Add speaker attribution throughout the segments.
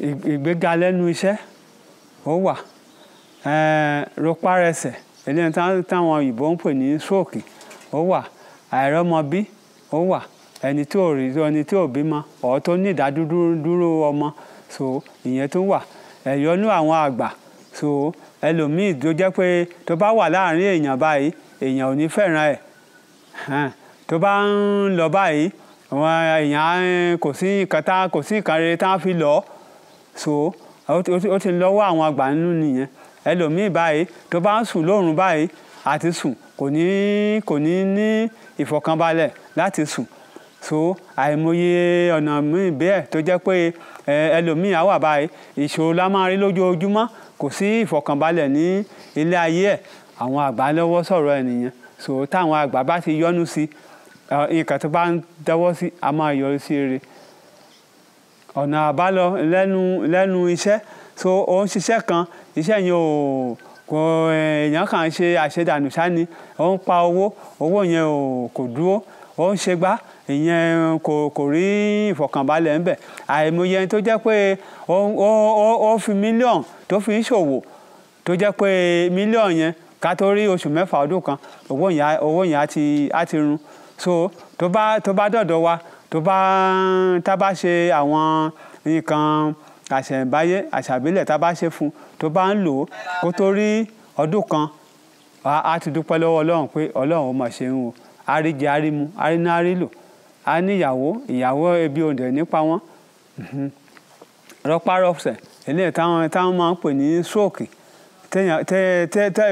Speaker 1: ìgbéga lẹ́nu iṣẹ́ ó wà rọpárẹsẹ̀ eléyìí táwọn òyìnbó ń pè ní stroke ó wà àìrọ́mọbí ó wà ẹni tí ò rí ẹni tí ò bímọ ọ̀ tó ní ìdádúró ọmọ so ìyẹn tó wà ẹ̀yọ́nú àwọn àgbà so ẹlòmíì tó jẹ́ pé tó bá wà láàrin èèyàn báyìí èèyàn ò ní fẹ́ràn ẹ̀ tó bá ń lọ báyìí àwọn èèyàn kò sí kata tá kò sí nǹkan rere tá fi lọ so ó ti lọ́wọ́ àwọn àgbà nínú nìyẹn ẹlòmíì báyìí tó bá ń sùn lóòrùn báyìí àti sùn kò ní kò ní ní ìfọ̀kànbalẹ̀ láti sùn so àìmọye ọ̀nà míì bẹ́ẹ̀ tó jẹ́ pé ẹlòmíì á wà báyìí ìṣòro la máa rí lójoojúmọ́ kò sí ìfọ̀kànbalẹ̀ ní ilé ayé ẹ̀ àwọn àgbà lọ́wọ́ sọ̀rọ̀ ẹ̀ nìyẹn so táwọn àgbà bá ti yọ́nú sí i nǹkan uh, tó bá ń dáwọ́ sí a máa yọrí sí rere ọ̀nà àbálọ lẹ́nu lẹ́nu iṣẹ́ so ó ń ṣiṣẹ́ kan iṣẹ́ yẹn ò kò e, èèyàn kàn ń ṣe àṣedànù sáni ó ń pa owó owó yẹn ò kò dúró ó ń ṣe gbá ìyẹn kò kò rí ìfọ̀kànbalẹ̀ ńbẹ̀ àìmọye tó jẹ́ pé ó ó fi mílíọ̀nù tó fi ń ṣòwò tó jẹ́ pé mílíọ̀nù yẹn ká tó rí oṣù mẹ́fà ọdún kan owó yẹn á ti á ti run so tó bá tó bá dọ̀dọ̀ wa tó bá tá bá ṣe àwọn nǹkan àṣẹ̀ǹbáyé àṣàbílẹ̀ tá bá ṣe fún tó bá ń lò ó kó tó rí ọdún kan a ti dúpẹ́ lọ́wọ́ ọlọ́run pé ọlọ́run ó mọ̀ ṣe ń wò àríjẹ àrímu àríná àrílò a níyàwó ìyàwó ebi òǹdè nípa wọn mhm. rọpárọsẹ̀ eléyìí táwọn táwọn máa ń pè ní stroke téèyàn tẹ tẹ tẹ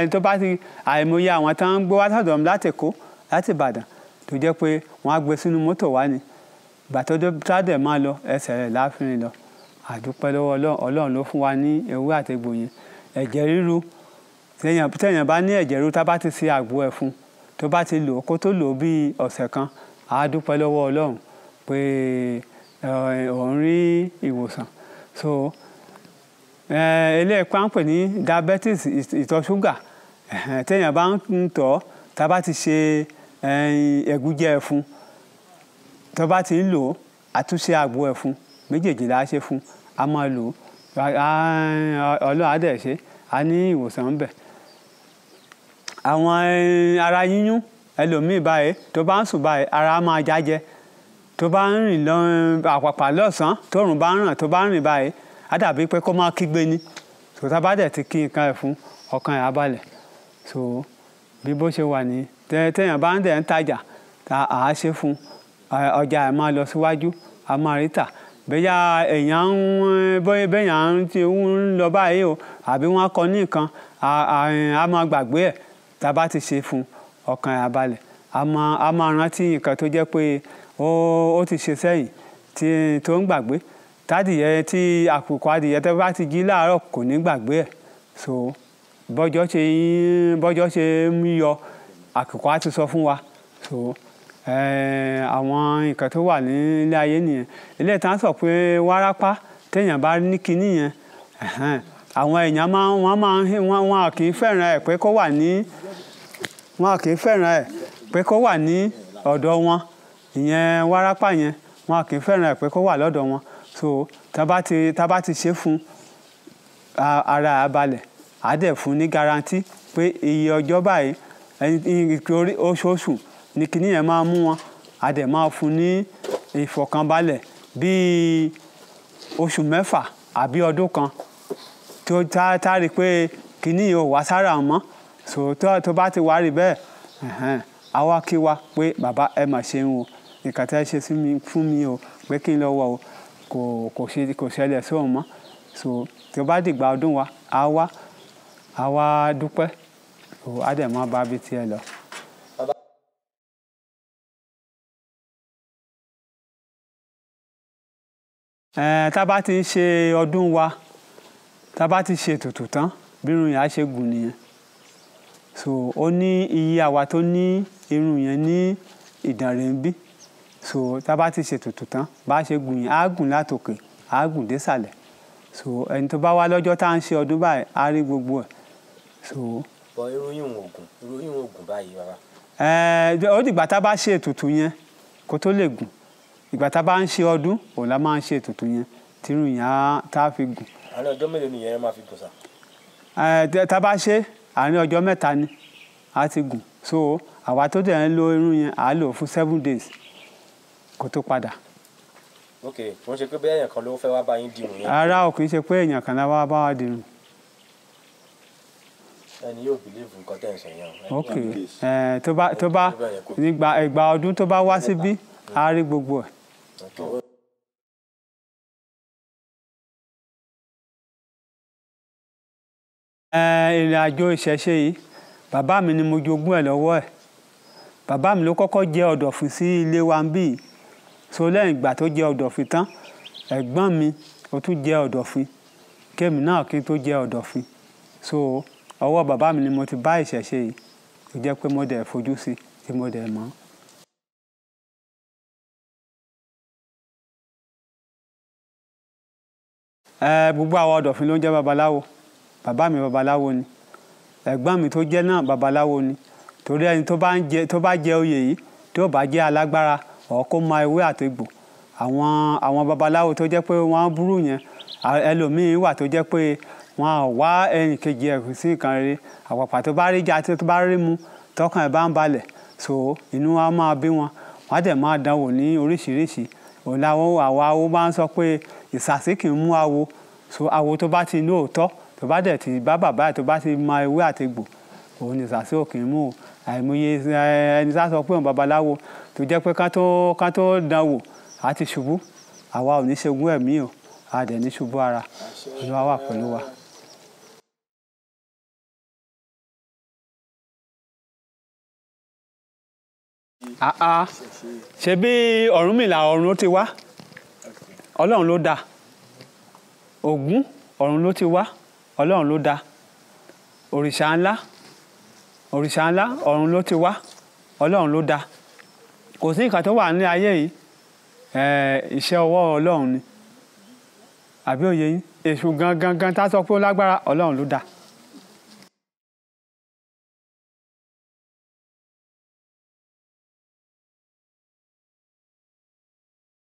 Speaker 1: ẹni tó bá ti àìmọye àwọn táwọn gbé wá sọ́dọ̀ láti kó láti ìbàdàn tó jẹ́ pé wọ́n á gbé sínú mọ́tò wá ni gbàtọ́jọ́ tádẹ̀ máa lọ ẹsẹ̀ rẹ̀ láàfin lọ àdúpẹ́ lọ́wọ́ ọlọ́run ló fún wa ní ewé àtẹ̀gbò yẹn ẹ̀jẹ̀ ríru tẹ̀yàn bá ní ẹ̀jẹ̀ ríru tá bá ti ṣe àgbo ẹ̀ fún tó bá ti lò kó tó lò bíi ọ̀sẹ̀ kan á lọ́wọ́ ọlọ́run pé òun rí ìwòsàn so eléèpá ń pè ní diabetes ìtọ̀ ṣúgà tẹ̀yàn bá ń tọ̀ tá bá ti ṣe ẹ̀gúnjẹ ẹ̀fun tó bá ti ń lò ó àtúnṣe àgbo ẹ̀fun méjèèjì la ṣe fún a máa lò ó ọlọ́run á dẹ̀ ṣe a ní ìwòsàn ń bẹ̀. àwọn ara yíyún ẹlòmíì báyìí tó bá ń sùn báyìí ara máa jájẹ tó bá ń rìn lọ àpàpà lọ́sàn-án tóòrùn bá ń ràn tó bá ń rìn báyìí á dàbí pé kó máa kígbe ni tòtá bá dẹ̀ ti kí nǹkan ẹ̀ fún ọkàn ẹ̀ á so bí bó ṣe wà ní tẹ́yàn bá ń dẹ̀ ń tajà tá a ṣe fún ọjà ẹ̀ máa lọ síwájú a máa rí tà bẹ́yà èèyàn bẹ́yàn ti ń lọ báyìí o àbí wọ́n kọ ní nǹkan a máa gbàgbé ẹ̀ tá a bá ti ṣe fún ọkàn ẹ̀ abalẹ̀ a máa rántí nǹkan tó jẹ́ pé ó ti ṣe sẹ́yìn tí tó ń gbàgbé tádìyẹ tí àkùkọ adìyẹ tó bá ti jí láàárọ̀ kò ní gbàgbé ẹ̀ so bọ́jọ́ ṣe ń yọ àkùkọ á ti sọ fún wa so eh, àwọn nǹkan tó wà ní ilé ayé nìyẹn ilé ìtàn sọ pé wárápá téèyàn bá ní kinní yẹn àwọn èèyàn máa wọ́n máa ń wọ́n wọn kì í fẹ́ràn ẹ̀ pé kó wà ní wọn kì í fẹ́ràn ẹ̀ pé kó wà ní ọ̀dọ̀ wọn ìyẹn wárápá yẹn wọn kì í fẹ́ràn ẹ̀ pé kó wà lọ́dọ̀ wọn so tábà ti tábà ti ṣe fún ara àbalẹ̀ àdẹ̀ fún ní garanti pé iye ọjọ́ báyìí oṣooṣù ni kinní yẹn máa mú wọn a dẹ̀ máa fún ní ìfọ̀kànbalẹ̀ bíi oṣù mẹ́fà àbí ọdún kan tó tá rí i pé kinní yìí ò wá sára mọ́ sòótọ́ tó bá ti wá rí bẹ́ẹ̀ àwa kí wa pé bàbá ẹ mà ṣe ń wo nǹkan tẹ́ ṣe fún mi o pé kí n lọ wọ o kò ṣẹlẹ̀ sóun mọ́ so tí o bá dìgbà ọdún wa àwa àwa dúpẹ́. O, á dẹ̀ mọ́ bá bí tiẹ̀ lọ. tá a bá ti ń ṣe ọdún wa tá a bá ti ṣe ètùtù tán bírun yẹn á ṣe gùn nìyẹn so ó ní iye àwa tó ní irun yẹn ní ìdànrè so tá a bá ti ṣe ètùtù tán bá a ṣe gùn yẹn á gùn látòkè á gùn désàlẹ̀ so ẹni tó bá wá lọ́jọ́ tá à ń ṣe ọdún báyìí á rí gbogbo ẹ̀ so bọ ìròyìn báyìí bàbá. ẹ ó dìgbà tá a bá ṣe ètùtù yẹn kó tó lè gùn ìgbà tá a bá ń ṣe ọdún òun la máa ń ṣe ètùtù yẹn tírú yẹn tá a fi gùn. àárín ọjọ́ mélòó nìyẹn máa fi gùn sa? ẹ tá a bá ṣe àárín ọjọ́ mẹ́ta ni a ti gùn so àwa tó dẹ̀ ń lo irun yẹn à á lò fún seven days kó tó padà ok wọ́n ṣe pé bẹ́ẹ̀ èèyàn kan ló fẹ́ wá bá yín yẹn. ara ò kì í ṣe pé èèyàn kan lá wá bá ẹni yóò bìlíìfù nǹkan tẹ̀ ń sọ yẹn. ok tó bá tó bá nígbà ìgbà ọdún tó bá wá síbí a rí gbogbo ẹ̀. ìrìn àjò ìṣẹ̀ṣe yìí bàbá mi ni mo jogún ẹ̀ lọ́wọ́ ẹ̀ bàbá mi ló kọ́kọ́ jẹ́ ọ̀dọ̀fin sí ilé wa ń bí so lẹ́yìn ìgbà tó jẹ́ ọ̀dọ̀fin tán ẹ̀gbọ́n mi ó tún jẹ́ ọ̀dọ̀fin kémi náà kí n tó jẹ́ ọ̀dọ̀fin so ọwọ́ bàbá mi ni mo ti bá ìṣẹ̀ṣe yìí tó jẹ́ pé mo dẹ̀ fojú sí tí mo dẹ̀ mọ̀. ẹ gbogbo àwọn ọ̀dọ̀fin ló ń jẹ́ babaláwo bàbá mi babaláwo ni ẹ̀gbọ́n mi tó jẹ́ náà babaláwo ni torí ẹni tó bá ń jẹ tó bá jẹ oyè yìí tí ó bá jẹ́ alágbára ọ̀ kó ma ewé àtegbò àwọn àwọn babaláwo tó jẹ́ pé wọ́n burú yẹn ẹlòmíín wà tó jẹ́ pé wọn à wá ẹnì kejì ẹ̀kún sí nǹkan rere àpapà tó bá rí jà tí tó bá rí mu tọkàn ẹ̀ bá ń balẹ̀ so inú wa máa bí wọn wọn á dẹ̀ máa dánwò ní oríṣiríṣi òun làwọn àwa awo máa ń sọ pé ìsàsí kì í mú awo so awo tó bá ti inú òótọ́ tó bá dẹ̀ ti bá bàbá ẹ̀ tó bá ti mọ ewé àtegbò òun ni ìsàsí ò kì í mú o àìmọye ẹni sá sọ pé òun babaláwo tó jẹ́ pé ká tó dánwò á ti ṣubú àwa ò ní ṣe ogún ẹ̀mí o a dẹ̀ ní ṣubú ara olúwa wà pẹ̀lú wa. Ah, ah. ṣebí ọ̀rúnmìlà ọ̀run ló ti wá ọlọ́run ló dá ògún ọ̀run ló ti wá ọlọ́run ló dá òrìṣà ńlá òrìṣà ńlá ọ̀run ló ti wá ọlọ́run ló dá kò sí nǹkan tó wà ní ayé yìí iṣẹ́ ọwọ́ ọlọ́run ni àbí òye yín èṣù gangan tá a sọ pé ó lágbára ọlọ́run ló dá.